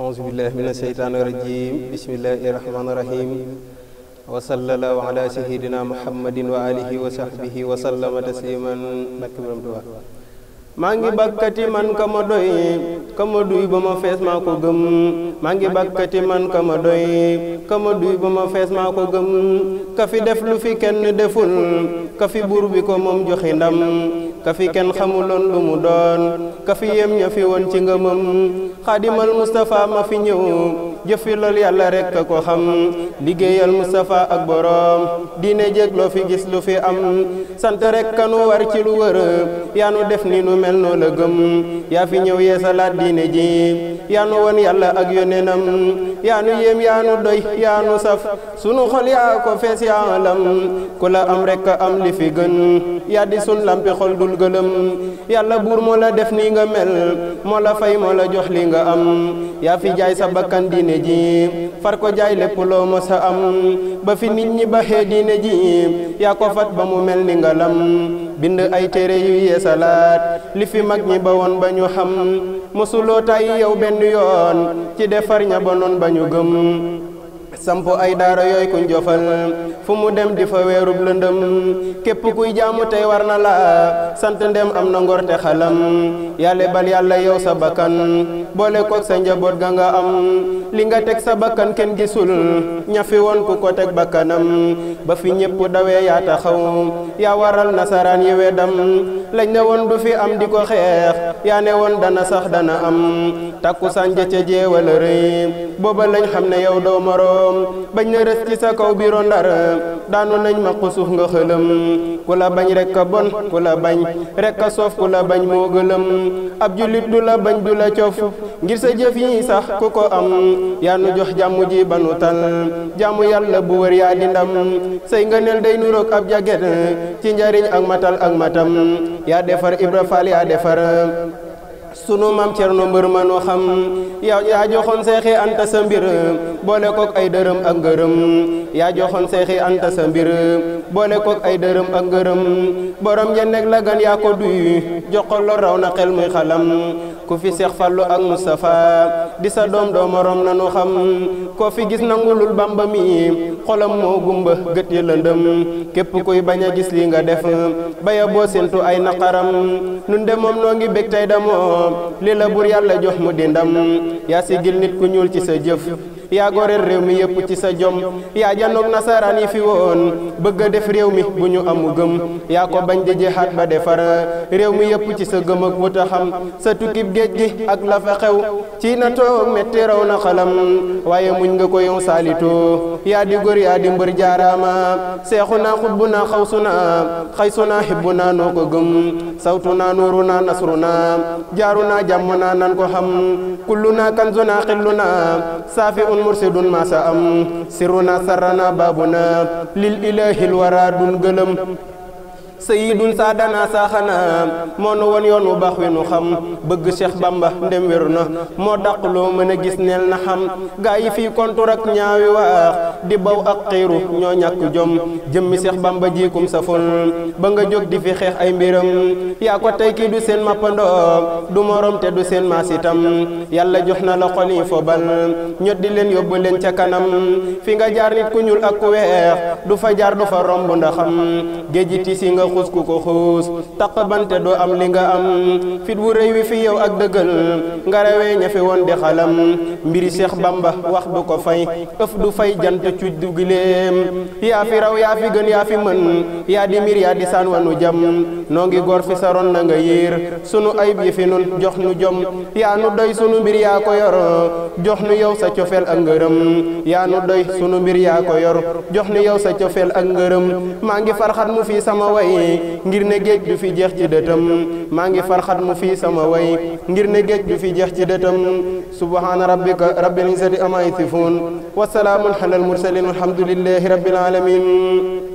auzu billahi min asheytaani irajim bismillahi irrahmaani irrahim wasalallaahu ala sayidina muhammadin wa alihi wa sahbihi wa sallama tasliman nakk biram tuwa maa ngi bàkkati man ka ma doy ka duy ba ma fees maa ko gëm maa ngi bàkkati man ka ma doy ka duy ba ma fees maa ko gëm ka def lu fi kenn deful ka buur bi ko moom joxi ndam ka fi kenn xamuloon lu mu doon ka fi yem ña fi woon ci ngëmëm xaadimal Mustafa ma fi ñëw jëfilal yàlla rekk a ko xam liggéeyal Moustapha ak boroom diine jég loo fi gis lu fi am sant rekk kanu war ci lu wër yaa nu def ni nu mel noo la gëm yaa fi ñëw yee laat diine ji yaa nu won yàlla ak yonenam yaa nu yéem yaa nu doy yaa nu saf sunu xol yaa ko fees yaa lam ku la am rekk am li fi gën yaa di sun lampi xol dul gëlëm yàlla buur moo la def nii nga mel moo la fay moo la jox li nga am yaa fi jaay sa bakkan diine diine ji far ko jaay lépp loo mës a am ba fi nit ñi baxee diine ji yaa ko fat ba mu mel ni ngalam bind ay téere yu yeesalaat li fi mag ñi ba woon ba ñu xam mësuloo tay yow benn yoon ci defar ña ba ñu gëm samp ay daara yooyu kuñ jofal fu mu dem di fa weerub lëndëm képp kuy jaamu tey war na la sant ndem am na ngor xalam yàlla bal yàlla yow sa bakkan boole koog sa njaboot ga nga am li nga teg sa bakkan kenn gisul ñafi woon ku ko teg bakkanam ba fi ñëpp dawee yaa taxaw yaa waral nasaraan yi weedam lañ ne woon du fi am di ko xeex yaa ne woon dana sax dana am takku sànj ca jéewal rëy booba lañ xam ne yow doo moroom bañ ne rës ci sa kaw biro ndar daanu nañ maqu suuf nga xëlëm ku la bañ rek a bon ku la bañ rek a soof ku la bañ moo gëlëm ab julit du la bañ du la cof ngir sa jëf yi sax ku ko am yaa nu jox jàmm ji ba nu tal jàmm yàlla bu wër yaa di ndam nga ngëneel day nuroog ab jaget ci njariñ ak matal ak matam yaa defar Ibra Fall yaa defar sunu maam Cerno mbër mënu xam yaa joxoon seexi anta sa mbir boole kook ay dërëm ak ngërëm ya joxoon seexi anta sa mbir boole kook ay dërëm ak ngërëm borom jennek la gan yaa ko duy joxol lo raw na xel muy xalam ku fi Seex Fallu ak Mustafa di sa doom doo morom nanu xam koo fi gis nangulul Bamba mi xolam moo gumba gët yi lëndëm képp kuy bañ a gis li nga def baya boo séentu ay naqaram nun de moom noo ngi bég tey damoo lii la bur yàlla jox mu di ndam yaa sigil nit ku ñuul ci sa jëf yaa goreel réew mi yëpp ci sa jom yaa janoog nasaraan yi fi woon bëgg a def réew mi bu ñu amu gëm yaa ko bañ di jeexaat ba defar réew mi yëpp ci sa gëm ak a xam sa tukkib géej gi ak la fa xew ci na toog metti raw na xalam waaye mu nga ko yow saalitu yaa di góor yaa di mbër jaaraama seexu naa xubbu naa xawsu naa xaysu naa xibbu naa noo ko gëm sawtu naa nuuru naa nasru naa jaaru naa jàmm naa nan ko xam kullu naa kanzu naa xillu naa saafi un mursidun masa am siruna sarana babuna lil ilahil wara dun gëlëm sa saa dana saa moo nu won yoon wu baax wi nu xam bëgg seex Bamba ndem wéru na moo dàq loo mën a gis neel na xam gaa yi fii kontur ak ñaawi waax di baw ak xiiru ñoo ñàkk jom jëmmi seex Bamba jiikum saful ba nga jóg di fi xeex ay mbiram yaa ko tey kii du seen mappandoo du morom te du seen maas itam yàlla jox na la xol yi fobal ñot leen yóbbu leen ca kanam fi nga jaar nit ku ñuul ak ku weex du fa jaar du fa romb ndaxam géej ti si nga xuus ku ko xuus taqabante doo am li nga am fit wu rëy wi fi yow ak dëggal nga rawee ña fi woon di xalam mbiri Seex Bamba wax du ko fay ëf du fay jant cuuj du gileem yaa fi raw yaa fi gën yaa fi mën yaa di mir yaa di saan wanu jam noo ngi gor fi sa ron na nga yiir sunu ayib yi fi nun jox nu jom yaa nu doy sunu mbir yaa ko yor jox nu yow sa cofeel ak ngërëm yaa nu doy sunu mbir yaa ko yor jox nu yow sa cofeel ak ngërëm maa ngi farxat mu fii sama ngir ne géej du fi jeex ci dëtam maa ngi farxat mu fii sama way ngir ne géej du fi jeex ci dëtam subhaana rabbika rabbil izzati amma yasifuun wa salaamun alal mursaliin walhamdulillahi rabbil aalamiin